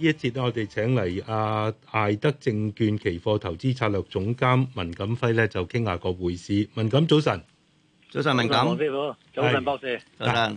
呢一節咧，我哋請嚟阿艾德證券期貨投資策略總監文錦輝咧，就傾下個匯市。文錦早晨，早晨文錦。有文博，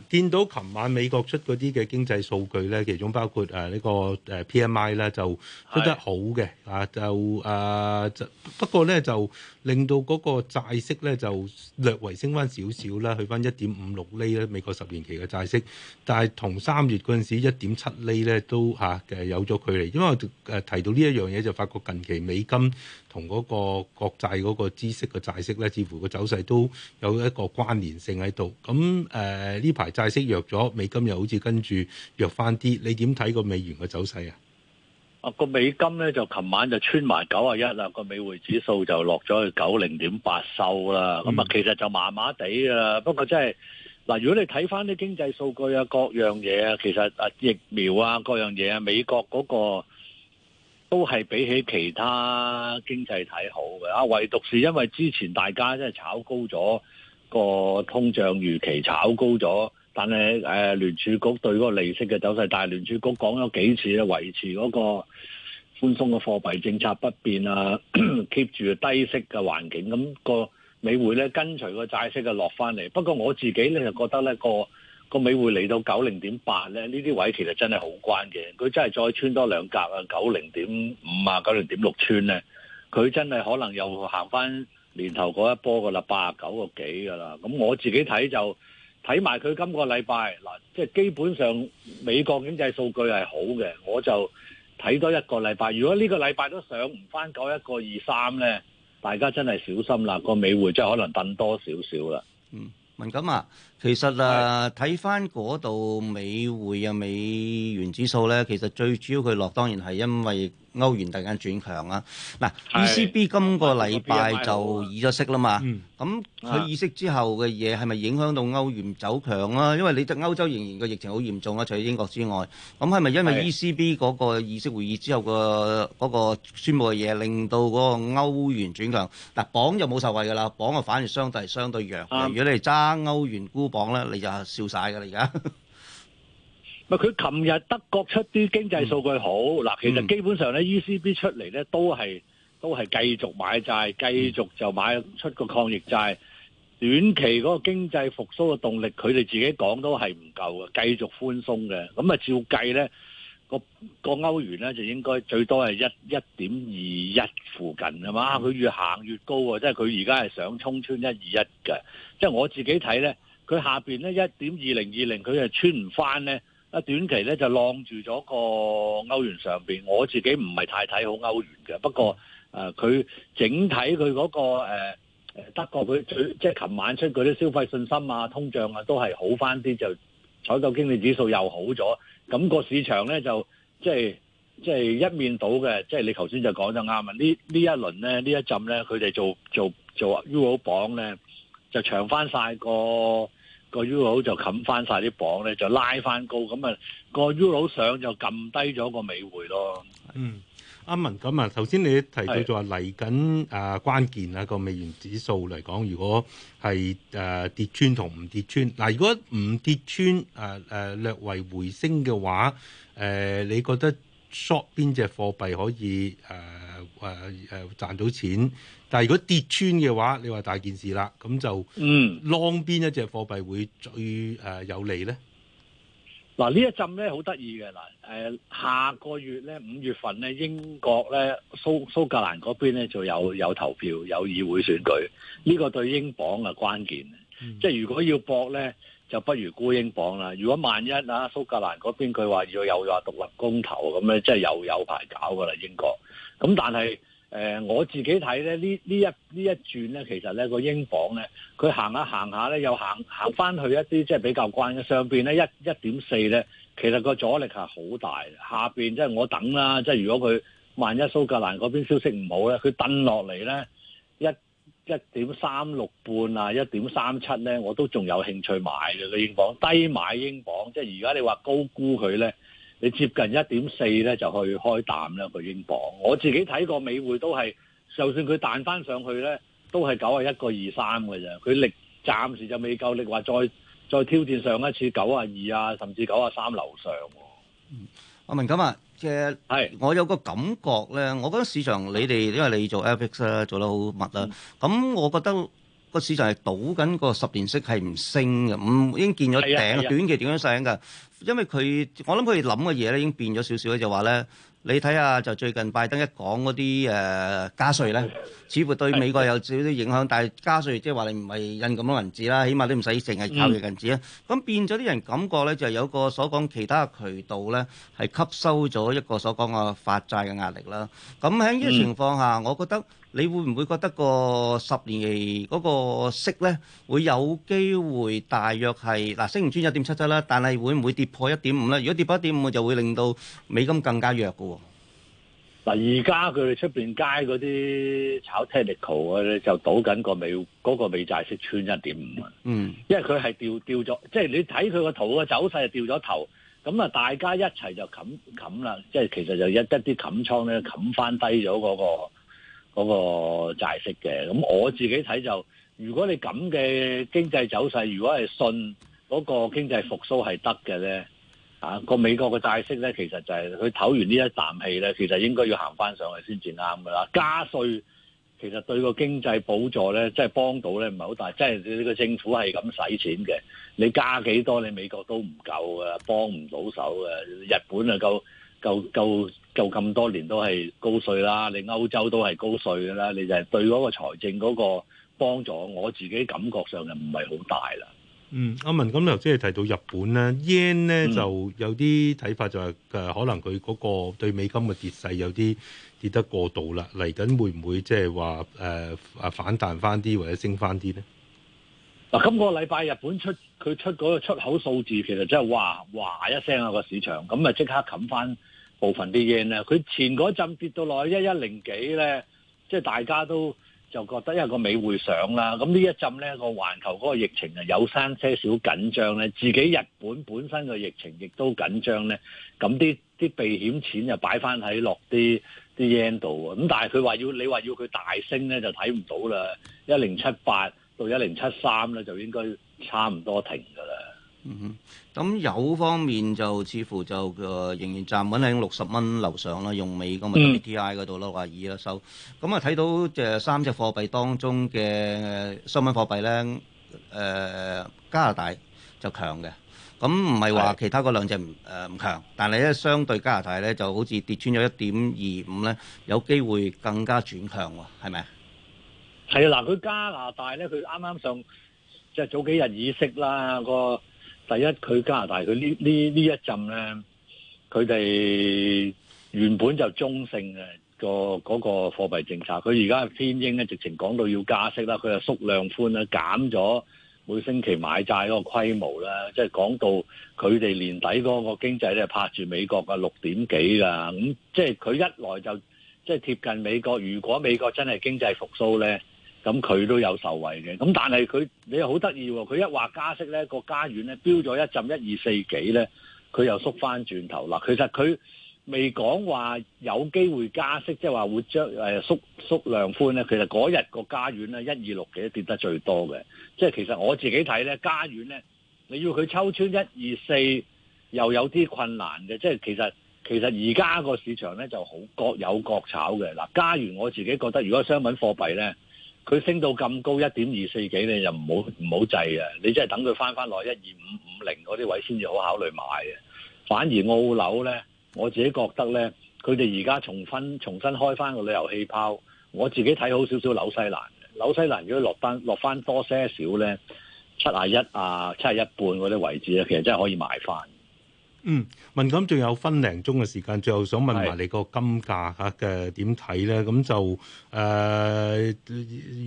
見到琴晚美國出嗰啲嘅經濟數據咧，其中包括誒呢個誒 P M I 啦，就出得好嘅，啊，就誒，不過咧就令到嗰個債息咧就略為升翻少少啦，去翻一點五六厘啦，美國十年期嘅債息，但係同三月嗰陣時一點七厘咧都嚇嘅有咗距離，因為我誒提到呢一樣嘢就發覺近期美金同嗰個國債嗰個孳息嘅債息咧，似乎個走勢都有一個關聯性喺度。咁誒呢排債息弱咗，美金又好似跟住弱翻啲，你點睇個美元嘅走勢啊？啊個美金咧就琴晚就穿埋九啊一啦，個美匯指數就落咗去九零點八收啦。咁、嗯、啊，其實就麻麻地啦，不過真係嗱，如果你睇翻啲經濟數據啊，各樣嘢啊，其實啊疫苗啊各樣嘢啊，美國嗰個都係比起其他經濟睇好嘅啊，唯獨是因為之前大家真係炒高咗。個通脹預期炒高咗，但係誒聯儲局對嗰個利息嘅走勢，但係聯儲局講咗幾次咧，維持嗰個寬鬆嘅貨幣政策不變啊，keep 住低息嘅環境，咁個美匯咧跟隨個債息嘅落翻嚟。不過我自己咧就覺得咧個個美匯嚟到九零點八咧，呢啲位其實真係好關鍵，佢真係再穿多兩格啊，九零點五啊，九零點六穿咧，佢真係可能又行翻。年頭嗰一波噶啦，八九個幾噶啦。咁我自己睇就睇埋佢今個禮拜嗱，即係基本上美國經濟數據係好嘅，我就睇多一個禮拜。如果呢個禮拜都上唔翻九一個二三咧，大家真係小心啦。個美匯係可能等多少少啦。嗯，文錦啊，其實啊，睇翻嗰度美匯啊美元指數咧，其實最主要佢落，當然係因為。歐元突然間轉強啊！嗱、啊，ECB 今個禮拜就議咗息啦嘛，咁佢議息之後嘅嘢係咪影響到歐元走強啊？因為你歐洲仍然個疫情好嚴重啊，除咗英國之外，咁係咪因為 ECB 嗰個議息會議之後嗰個嗰個宣佈嘅嘢，令到嗰個歐元轉強？嗱、啊，鎊就冇受惠㗎啦，鎊啊反而相對相對弱。嗯、如果你揸歐元沽鎊咧，你就笑晒㗎啦而家。佢琴日德國出啲經濟數據好嗱，其實基本上咧，ECB 出嚟咧都係都係繼續買債，繼續就買出個抗疫債。短期嗰個經濟復甦嘅動力，佢哋自己講都係唔夠嘅，繼續寬鬆嘅。咁啊，照計咧個個歐元咧就應該最多係一一點二一附近係嘛。佢越行越高啊，即係佢而家係想衝穿一二一嘅。即係我自己睇咧，佢下邊咧一點二零二零，佢係穿唔返咧。啊，短期咧就晾住咗個歐元上面，我自己唔係太睇好歐元嘅，不過誒佢、呃、整體佢嗰、那個誒、呃、德國佢即係琴晚出嗰啲消費信心啊、通脹啊都係好翻啲，就採購經理指數又好咗。咁、那個市場咧就即係即係一面倒嘅，即、就、係、是、你頭先就講得啱啊！呢呢一輪咧，一呢一陣咧，佢哋做做做 Euro 榜咧就長翻曬個。個 Euro 就冚翻晒啲磅咧，就拉翻高，咁啊個 Euro 上就撳低咗個美匯咯。嗯，阿文咁啊，頭先你提到就話嚟緊誒關鍵啊個美元指數嚟講，如果係誒、呃、跌穿同唔跌穿，嗱、呃、如果唔跌穿誒誒、呃、略為回升嘅話，誒、呃、你覺得 short 邊隻貨幣可以誒？呃誒誒賺到錢，但係如果跌穿嘅話，你話大件事啦，咁就邊，嗯，浪邊一隻貨幣會最誒有利咧？嗱，呢一浸咧好得意嘅嗱，誒，下個月咧，五月份咧，英國咧，蘇蘇格蘭嗰邊咧就有有投票，有議會選舉，呢、這個對英鎊係關鍵、嗯，即係如果要搏咧。就不如沽英鎊啦。如果萬一啊蘇格蘭嗰邊佢話要又話獨立公投咁咧，即係又有排搞㗎啦英國。咁但係誒、呃、我自己睇咧，這這一這一呢呢一呢一轉咧，其實咧個英鎊咧，佢行下行下咧，又行行翻去一啲即係比較關。上邊咧一一點四咧，其實個阻力係好大。下邊即係我等啦，即係如果佢萬一蘇格蘭嗰邊消息唔好咧，佢掟落嚟咧一。1, 一點三六半啊，一點三七呢，我都仲有興趣買嘅。個英鎊低買英鎊，即係而家你話高估佢呢，你接近一點四呢，就去開淡啦。個英鎊我自己睇過，美匯都係，就算佢彈翻上去呢，都係九啊一個二三嘅啫。佢力暫時就未夠力，話再再挑戰上一次九啊二啊，甚至九啊三樓上。嗯我明咁啊，其實係我有個感覺咧，我覺得市場你哋因為你做 a p i c 啦，做得好密啦，咁、嗯、我覺得個市場係倒緊個十年息係唔升嘅。唔已經見咗頂，短期點樣升㗎？因為佢，我諗佢哋諗嘅嘢咧已經變咗少少，就話咧。你睇下就最近拜登一講嗰啲誒加稅咧，似乎對美國有少少影響，但係加稅即係話你唔係印咁多銀紙啦，起碼你唔使成日靠印銀紙啦。咁變咗啲人感覺咧，就有個所講其他渠道咧係吸收咗一個所講個發債嘅壓力啦。咁喺呢個情況下，我覺得。你會唔會覺得個十年期嗰個息咧會有機會大約係嗱升唔穿一點七七啦，但係會唔會跌破一點五咧？如果跌破一點五，就會令到美金更加弱㗎喎、哦。嗱，而家佢哋出面街嗰啲炒 technical 咧，就賭緊個美嗰、嗰個美債息穿一點五啊。嗯，因為佢係掉掉咗，即係、就是、你睇佢個圖嘅走勢係掉咗頭，咁啊大家一齊就冚冚啦，即係、就是、其實就一一啲冚倉咧冚翻低咗嗰個。嗰、那個債息嘅。咁我自己睇就，如果你咁嘅經濟走勢，如果係信嗰個經濟復甦係得嘅咧，啊個美國嘅債息咧，其實就係佢唞完呢一啖氣咧，其實應該要行翻上去先至啱噶啦。加稅其實對個經濟補助咧，即係幫到咧，唔係好大，即係你呢個政府係咁使錢嘅，你加幾多，你美國都唔夠呀，幫唔到手呀，日本啊夠。夠夠夠，咁多年都係高稅啦，你歐洲都係高稅噶啦，你就係對嗰個財政嗰個幫助，我自己感覺上就唔係好大啦。嗯，阿文咁頭先係提到日本咧，yen 咧就有啲睇法就係誒可能佢嗰個對美金嘅跌勢有啲跌得過度啦，嚟緊會唔會即係話誒啊反彈翻啲或者升翻啲咧？啊，今個禮拜日本出。佢出嗰個出口數字其實真係嘩嘩一聲啊、個市場，咁啊即刻冚翻部分啲 yen 咧。佢前嗰陣跌到落去，一一零幾咧，即係大家都就覺得一個美匯上啦。咁呢一陣咧、個環球嗰個疫情啊有生些少緊張咧，自己日本本身嘅疫情亦都緊張咧，咁啲啲避險錢就擺翻喺落啲啲 yen 度啊。咁但係佢話要你話要佢大升咧就睇唔到啦，一零七八到一零七三咧就應該。差唔多停噶啦。嗯哼，咁油方面就似乎就仍然站穩喺六十蚊樓上啦。用美金咪 WTI 嗰度咯，六廿二啦收。咁啊睇到誒三隻貨幣當中嘅商品貨幣咧，誒、呃、加拿大就強嘅。咁唔係話其他嗰兩隻唔誒唔強，但係咧相對加拿大咧就好似跌穿咗一點二五咧，有機會更加轉強喎，係咪啊？係啊，嗱，佢加拿大咧，佢啱啱上。即係早幾日議息啦，第一佢加拿大佢呢呢呢一陣咧，佢哋原本就中性嘅個嗰個貨幣政策，佢而家偏鷹咧，直情講到要加息啦，佢就縮量寬啦，減咗每星期買債嗰個規模啦，即係講到佢哋年底嗰個經濟咧拍住美國嘅六點幾啦，咁即係佢一來就即係貼近美國，如果美國真係經濟復甦咧。咁佢都有受惠嘅，咁但係佢你又好得意喎。佢一話加息呢個加元呢，飆咗一陣一二四幾呢，佢又縮翻轉頭啦。其實佢未講話有機會加息，即係話會縮縮量寬呢。其實嗰日個加元呢，一二六幾跌得最多嘅，即係其實我自己睇呢，加元呢，你要佢抽穿一二四又有啲困難嘅，即係其實其實而家個市場呢，就好各有各炒嘅嗱。加元我自己覺得，如果商品貨幣呢。佢升到咁高一點二四幾，你又唔好唔好制啊，你真係等佢翻翻落，一二五五零嗰啲位先至好考慮買啊。反而澳樓咧，我自己覺得咧，佢哋而家重新重新開翻個旅遊氣泡，我自己睇好少少紐西蘭。紐西蘭如果落翻落翻多些少咧，七啊一啊七啊一半嗰啲位置啊，其實真係可以買翻。嗯，問緊仲有分零鐘嘅時間，最後想問埋你個金價嘅點睇咧？咁就誒、呃，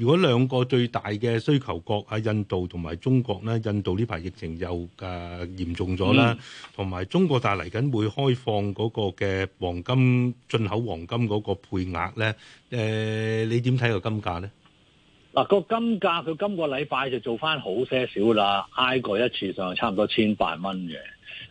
如果兩個最大嘅需求國，印度同埋中國咧，印度呢排疫情又誒、呃、嚴重咗啦，同、嗯、埋中國但嚟緊會開放嗰個嘅黃金進口黃金嗰個配額咧、呃，你點睇個金價咧？嗱、那，個金價佢今個禮拜就做翻好些少啦，挨過一次上就差唔多千八蚊嘅。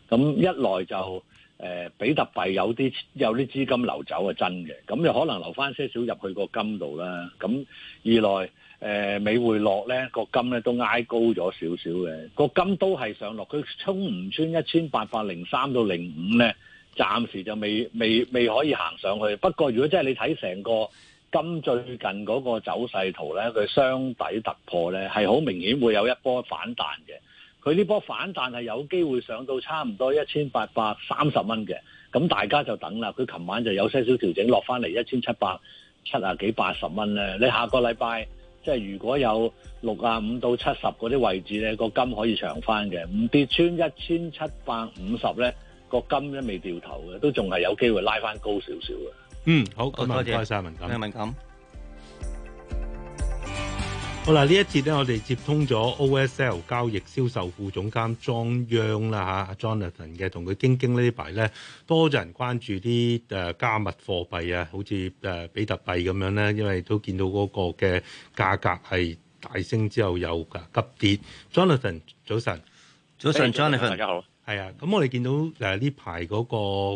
咁一來就誒、呃、比特幣有啲有啲資金流走係真嘅，咁又可能留翻些少入去個金度啦。咁二來誒、呃、美匯落咧、個金咧都挨高咗少少嘅，個金都係上落，佢衝唔穿一千八百零三到零五咧，暫時就未未未可以行上去。不過如果真係你睇成個金最近嗰個走勢圖咧，佢雙底突破咧係好明顯會有一波反彈嘅。佢呢波反彈係有機會上到差唔多一千八百三十蚊嘅，咁大家就等啦。佢琴晚就有些少調整落翻嚟一千七百七啊幾八十蚊咧。你下個禮拜即係如果有六啊五到七十嗰啲位置咧，個金可以長翻嘅。唔跌穿一千七百五十咧，個金都未掉頭嘅，都仲係有機會拉翻高少少嘅。嗯，好，多謝曬文錦。好啦呢一節咧，我哋接通咗 OSL 交易銷售副總監莊央啦 Jonathan 嘅，同佢傾傾呢排幣咧，多咗人關注啲誒、呃、加密貨幣啊，好似誒、呃、比特幣咁樣咧，因為都見到嗰個嘅價格係大升之後有急跌。Jonathan，早晨，早晨 hey, Jonathan，Jonathan，大家好。係啊，咁我哋見到呢排嗰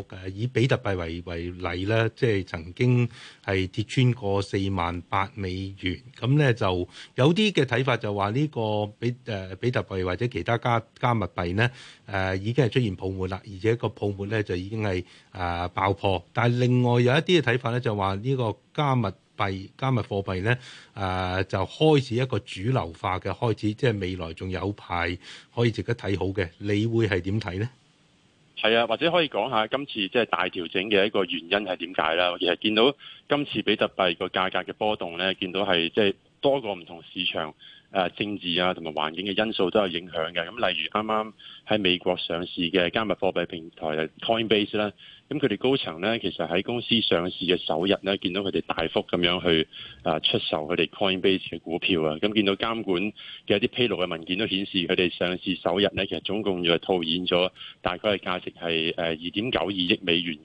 個以比特幣為例咧，即係曾經係跌穿過四萬八美元，咁咧就有啲嘅睇法就話呢個比比特幣或者其他加加密幣咧、呃、已經係出現泡沫啦，而且個泡沫咧就已經係、呃、爆破。但係另外有一啲嘅睇法咧就話呢個加密幣加密貨幣咧，誒、啊、就開始一個主流化嘅開始，即係未來仲有派可以值得睇好嘅，你會係點睇咧？係啊，或者可以講下今次即係大調整嘅一個原因係點解啦？其實見到今次比特幣個價格嘅波動咧，見到係即係多個唔同市場誒、啊、政治啊同埋環境嘅因素都有影響嘅。咁例如啱啱喺美國上市嘅加密貨幣平台 Coinbase 啦。咁佢哋高層呢，其實喺公司上市嘅首日呢，見到佢哋大幅咁樣去啊出售佢哋 Coinbase 嘅股票啊，咁見到監管嘅一啲披露嘅文件都顯示，佢哋上市首日呢，其實總共就係套現咗大概嘅價值係誒二點九二億美元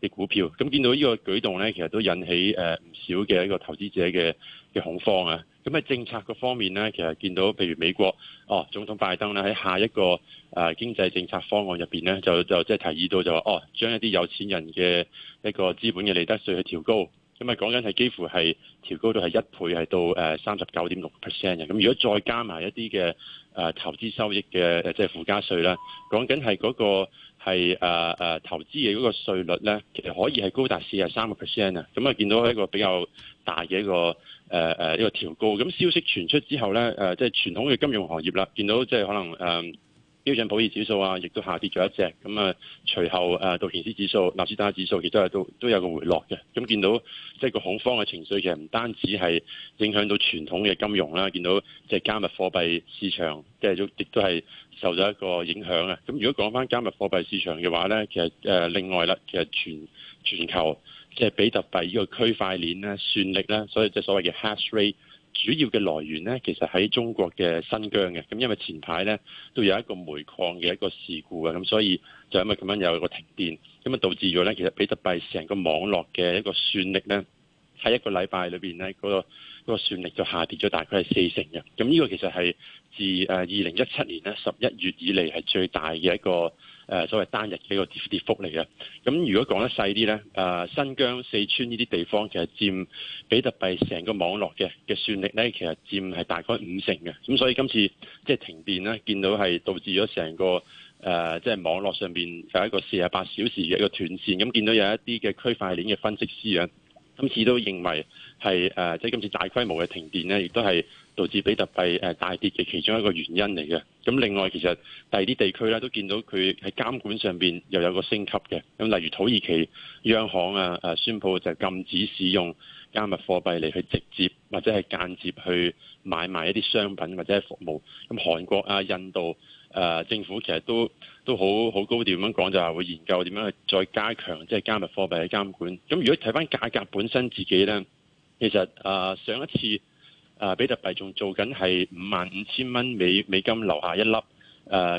嘅股票。咁見到呢個舉動呢，其實都引起誒唔少嘅一個投資者嘅嘅恐慌啊。咁喺政策嘅方面呢，其實見到譬如美國，哦總統拜登呢，喺下一個，誒、啊、經濟政策方案入邊咧，就就即係提議到就話哦，將一啲有錢人嘅一個資本嘅利得稅去調高，咁為講緊係幾乎係調高到係一倍，係到誒三十九點六 percent 嘅。咁、嗯、如果再加埋一啲嘅誒投資收益嘅即係附加稅啦，講緊係嗰個係誒、啊啊、投資嘅嗰個稅率咧，其實可以係高達四十三個 percent 啊。咁啊、嗯嗯，見到一個比較大嘅一個誒誒、啊啊、一個調高。咁、嗯、消息傳出之後咧，誒即係傳統嘅金融行業啦，見到即係可能誒。啊標準普爾指數啊，亦都下跌咗一隻。咁啊，隨後誒道、啊、瓊斯指數、納斯達指數，其實都都都有個回落嘅。咁見到即係、就是、個恐慌嘅情緒，其實唔單止係影響到傳統嘅金融啦，見到即係加密貨幣市場，即係亦都係受咗一個影響啊。咁如果講翻加密貨幣市場嘅話咧，其實、呃、另外啦，其實全全球即係、就是、比特幣呢個區塊鏈咧、算力咧，所以即係、就是、所謂嘅 hash rate。主要嘅來源呢，其實喺中國嘅新疆嘅。咁因為前排呢，都有一個煤礦嘅一個事故啊，咁所以就因為咁樣有一個停電，咁啊導致咗呢。其實比特幣成個網絡嘅一個算力呢，喺一個禮拜裏邊呢，嗰個嗰個算力就下跌咗大概係四成嘅。咁呢個其實係自誒二零一七年呢十一月以嚟係最大嘅一個。誒所謂單日嘅一個跌跌幅嚟嘅，咁如果講得細啲呢，新疆、四川呢啲地方其實佔比特幣成個網絡嘅嘅算力呢，其實佔係大概五成嘅。咁所以今次即係停電呢，見到係導致咗成個即係、呃即係、網絡上面有一個四十八小時嘅一個斷線。咁見到有一啲嘅區塊鏈嘅分析師啊，今次都認為。係即係今次大規模嘅停電咧，亦都係導致比特幣大跌嘅其中一個原因嚟嘅。咁另外其實第二啲地區咧都見到佢喺監管上面又有一個升級嘅。咁例如土耳其央行啊宣布就禁止使用加密貨幣嚟去直接或者係間接去買賣一啲商品或者係服務。咁韓國啊、印度、啊、政府其實都都好好高調咁講，就話會研究點樣去再加強即係加密貨幣嘅監管。咁如果睇翻價格本身自己咧。其實誒上一次誒比特幣仲做緊係五萬五千蚊美美金樓下一粒誒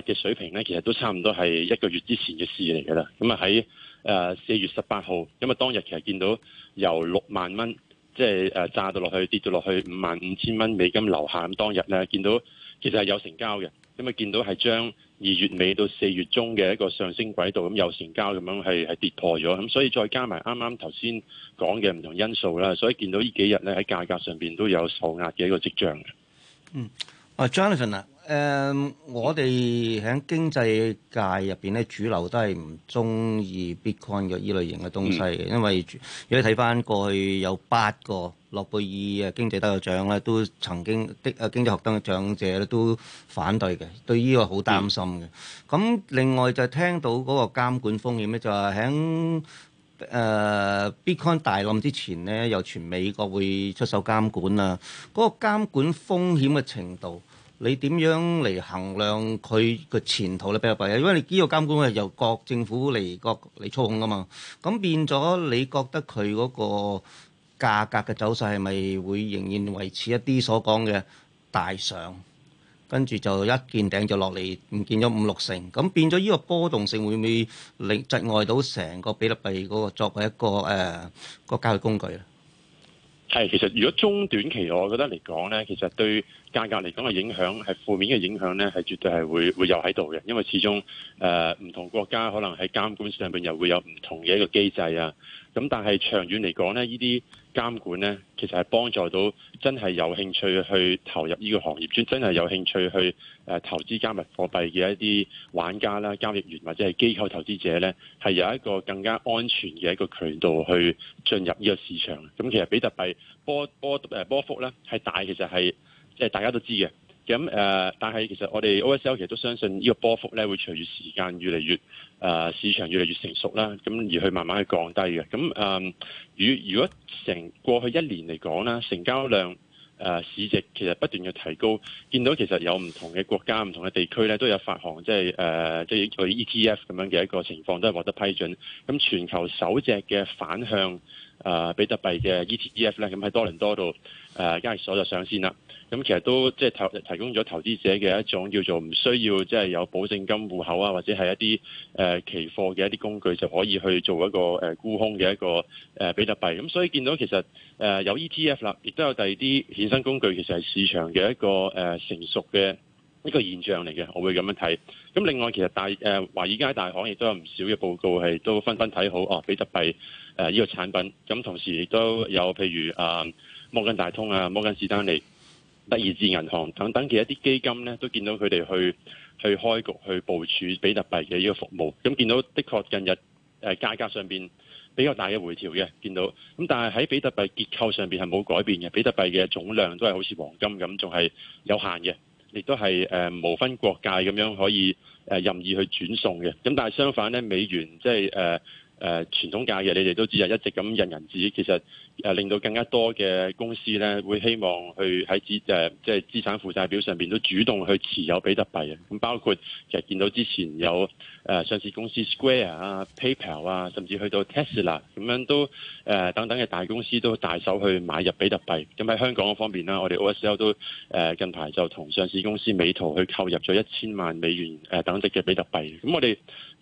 嘅水平咧，其實都差唔多係一個月之前嘅事嚟㗎啦。咁啊喺誒四月十八號，咁啊當日其實見到由六萬蚊即係誒炸到落去跌到落去五萬五千蚊美金樓下，咁當日咧見到。其實係有成交嘅，因為見到係將二月尾到四月中嘅一個上升軌道，咁有成交咁樣係係跌破咗，咁所以再加埋啱啱頭先講嘅唔同因素啦，所以見到呢幾日咧喺價格上邊都有受壓嘅一個跡象嘅。嗯，啊 Jonathan 啊。誒、um，我哋喺經濟界入邊咧，主流都係唔中意 Bitcoin 嘅依類型嘅東西嘅、嗯，因為如果你睇翻過去有八個諾貝爾經濟得個獎咧，都曾經的啊經濟學得個獎者咧都反對嘅，對呢個好擔心嘅。咁、嗯、另外就聽到嗰個監管風險咧，就係喺誒 Bitcoin 大冧之前咧，又傳美國會出手監管啦。嗰、那個監管風險嘅程度。你點樣嚟衡量佢個前途咧？比特幣啊，因為你呢個監管係由各政府嚟各嚟操控噶嘛，咁變咗你覺得佢嗰個價格嘅走勢係咪會仍然維持一啲所講嘅大上，跟住就一見頂就落嚟，唔見咗五六成，咁變咗呢個波動性會唔會令窒礙到成個比特幣嗰個作為一個誒國家嘅工具咧？係，其實如果中短期我覺得嚟講呢，其實對價格嚟講嘅影響係負面嘅影響呢，係絕對係會會有喺度嘅，因為始終誒唔同國家可能喺監管上邊又會有唔同嘅一個機制啊。咁但係長遠嚟講呢，呢啲監管咧，其實係幫助到真係有興趣去投入呢個行業，真真係有興趣去投資加密貨幣嘅一啲玩家啦、交易員或者係機構投資者咧，係有一個更加安全嘅一個渠道去進入呢個市場。咁、嗯、其實比特幣波波波幅咧係大，其實係即係大家都知嘅。咁、呃、但係其實我哋 O.S.L. 其實都相信呢個波幅咧，會隨住時間越嚟越、呃、市場越嚟越成熟啦，咁而去慢慢去降低嘅。咁、呃、如果成過去一年嚟講啦，成交量、呃、市值其實不斷嘅提高，見到其實有唔同嘅國家、唔同嘅地區咧，都有發行即係誒即係 E.T.F. 咁樣嘅一個情況都係獲得批准。咁全球首隻嘅反向、呃、比特幣嘅 E.T.F. 咧，咁喺多倫多度。誒交易所就先上線啦，咁其實都即係提提供咗投資者嘅一種叫做唔需要即係有保證金戶口啊，或者係一啲誒、呃、期貨嘅一啲工具就可以去做一個誒、呃、沽空嘅一個誒、呃、比特幣。咁所以見到其實誒、呃、有 E T F 啦，亦都有第二啲衍生工具，其實係市場嘅一個誒、呃、成熟嘅一個現象嚟嘅。我會咁樣睇。咁另外其實大誒華爾街大行亦都有唔少嘅報告係都紛紛睇好哦、啊、比特幣誒呢個產品。咁同時亦都有譬如啊，呃摩根大通啊，摩根士丹利、德意志銀行等等其一啲基金咧，都見到佢哋去去開局、去部署比特幣嘅呢個服務。咁見到的確近日誒、呃、價格上邊比較大嘅回調嘅，見到。咁但係喺比特幣結構上邊係冇改變嘅，比特幣嘅總量都係好似黃金咁，仲係有限嘅，亦都係誒、呃、無分國界咁樣可以誒、呃、任意去轉送嘅。咁但係相反咧，美元即係誒誒傳統價嘅，你哋都知啊，一直咁印銀紙其實。誒令到更加多嘅公司咧，會希望去喺資誒即係資產負債表上邊都主動去持有比特幣啊！咁包括其實見到之前有誒上市公司 Square 啊、PayPal 啊，甚至去到 Tesla 咁樣都誒等等嘅大公司都大手去買入比特幣。咁喺香港方面啦，我哋 OSL 都誒近排就同上市公司美圖去購入咗一千萬美元誒等值嘅比特幣。咁我哋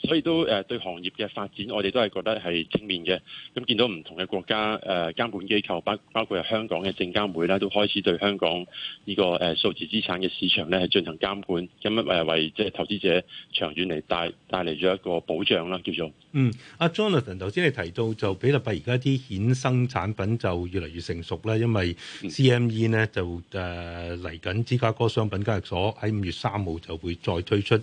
所以都誒對行業嘅發展，我哋都係覺得係正面嘅。咁見到唔同嘅國家誒。監管機構包包括香港嘅證監會咧，都開始對香港呢個誒數字資產嘅市場咧係進行監管，咁誒為即係投資者長遠嚟帶帶嚟咗一個保障啦。叫做嗯阿 Jonathan 頭先你提到就比特幣而家啲衍生產品就越嚟越成熟啦，因為 CME 呢就誒嚟緊芝加哥商品交易所喺五月三號就會再推出誒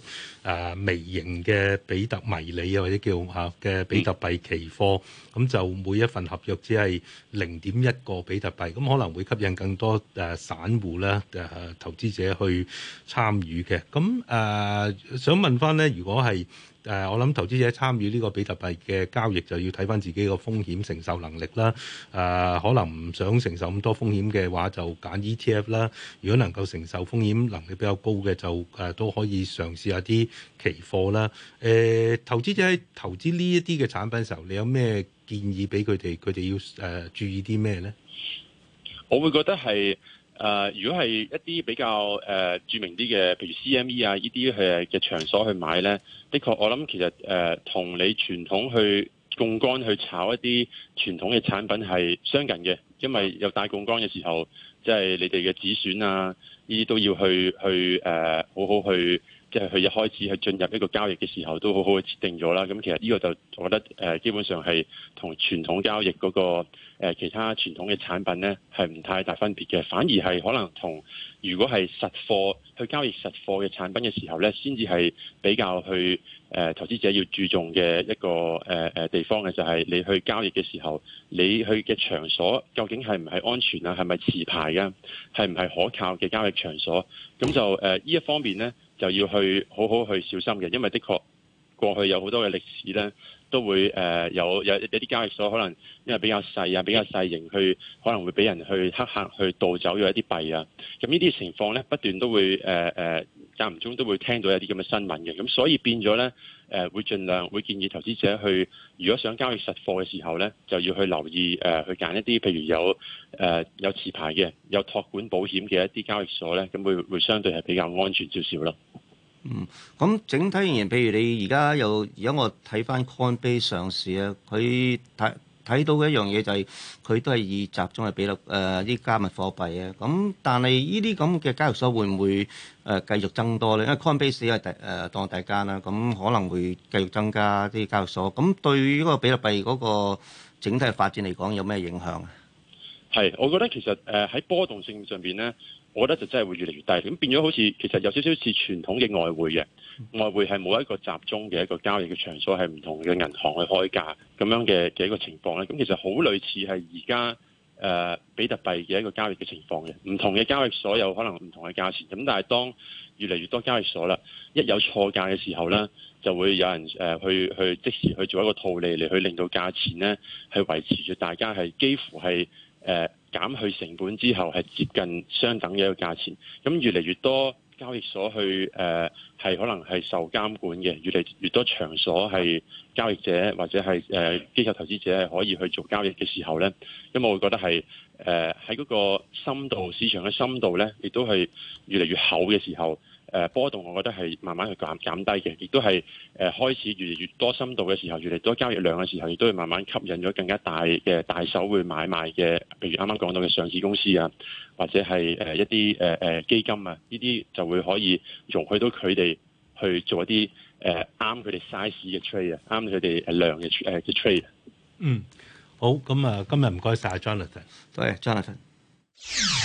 微型嘅比特迷你啊或者叫嚇嘅比特幣期貨，咁、嗯、就每一份合約只係零點一個比特幣，咁可能會吸引更多誒散戶啦、誒、呃、投資者去參與嘅。咁誒、呃、想問翻咧，如果係誒、呃、我諗投資者參與呢個比特幣嘅交易，就要睇翻自己個風險承受能力啦。誒、呃、可能唔想承受咁多風險嘅話，就揀 ETF 啦。如果能夠承受風險能力比較高嘅，就、呃、誒都可以嘗試下啲期貨啦。誒、呃、投資者喺投資呢一啲嘅產品的時候，你有咩建議俾佢哋，佢哋要誒、呃、注意啲咩呢？我會覺得係誒、呃，如果係一啲比較誒、呃、著名啲嘅，譬如 CME 啊呢啲嘅嘅場所去買呢，的確我諗其實誒同、呃、你傳統去槓桿去炒一啲傳統嘅產品係相近嘅，因為有帶槓桿嘅時候，即、就、係、是、你哋嘅止損啊呢啲都要去去誒、呃、好好去。即係佢一開始去進入一個交易嘅時候，都好好嘅設定咗啦。咁其實呢個就我覺得誒，基本上係同傳統交易嗰個其他傳統嘅產品咧，係唔太大分別嘅。反而係可能同如果係實貨去交易實貨嘅產品嘅時候咧，先至係比較去誒投資者要注重嘅一個誒地方嘅，就係你去交易嘅時候，你去嘅場所究竟係唔係安全啊？係咪持牌啊？係唔係可靠嘅交易場所？咁就誒呢一方面咧。就要去好好去小心嘅，因為的確過去有好多嘅歷史咧，都會、呃、有有一啲交易所可能因為比較細啊、比較細型去，去可能會俾人去黑客去盜走咗一啲幣啊。咁呢啲情況咧不斷都會、呃間唔中都會聽到一啲咁嘅新聞嘅，咁所以變咗咧，誒、呃、會盡量會建議投資者去，如果想交易實貨嘅時候咧，就要去留意誒、呃、去揀一啲譬如有誒、呃、有持牌嘅、有託管保險嘅一啲交易所咧，咁會會相對係比較安全少少咯。嗯，咁整體而言，譬如你而家有而家我睇翻 Coinbase 上市啊，佢睇。睇到嘅一樣嘢就係、是、佢都係以集中嘅比率誒啲、呃、加密貨幣啊，咁但係呢啲咁嘅交易所會唔會誒、呃、繼續增多咧？因為 Coinbase 係誒、呃、當大間啦，咁可能會繼續增加啲交易所。咁對嗰個比特幣嗰個整體嘅發展嚟講有咩影響啊？係，我覺得其實誒喺、呃、波動性上邊咧。我覺得就真係會越嚟越低，咁變咗好似其實有少少似傳統嘅外匯嘅外匯，係冇一個集中嘅一個交易嘅場所，係唔同嘅銀行去開價咁樣嘅嘅一個情況咧，咁其實好類似係而家誒比特幣嘅一個交易嘅情況嘅，唔同嘅交易所有可能唔同嘅價錢，咁但係當越嚟越多交易所啦，一有錯價嘅時候咧，就會有人、呃、去去即時去做一個套利嚟去令到價錢咧係維持住大家係幾乎係誒。呃減去成本之後係接近相等嘅一個價錢，咁越嚟越多交易所去誒係、呃、可能係受監管嘅，越嚟越多場所係交易者或者係誒、呃、機構投資者係可以去做交易嘅時候呢，因為我覺得係誒喺嗰個深度市場嘅深度呢，亦都係越嚟越厚嘅時候。誒波動，我覺得係慢慢去減減低嘅，亦都係誒、呃、開始越嚟越多深度嘅時候，越嚟多交易量嘅時候，亦都會慢慢吸引咗更加大嘅大手會買賣嘅，譬如啱啱講到嘅上市公司啊，或者係誒一啲誒誒基金啊，呢啲就會可以容許到佢哋去做一啲誒啱佢哋 size 嘅 trade 啊，啱佢哋量嘅誒嘅 trade。嗯，好，咁啊，今日唔該晒 Jonathan 多謝 Jonathan。對 Jonathan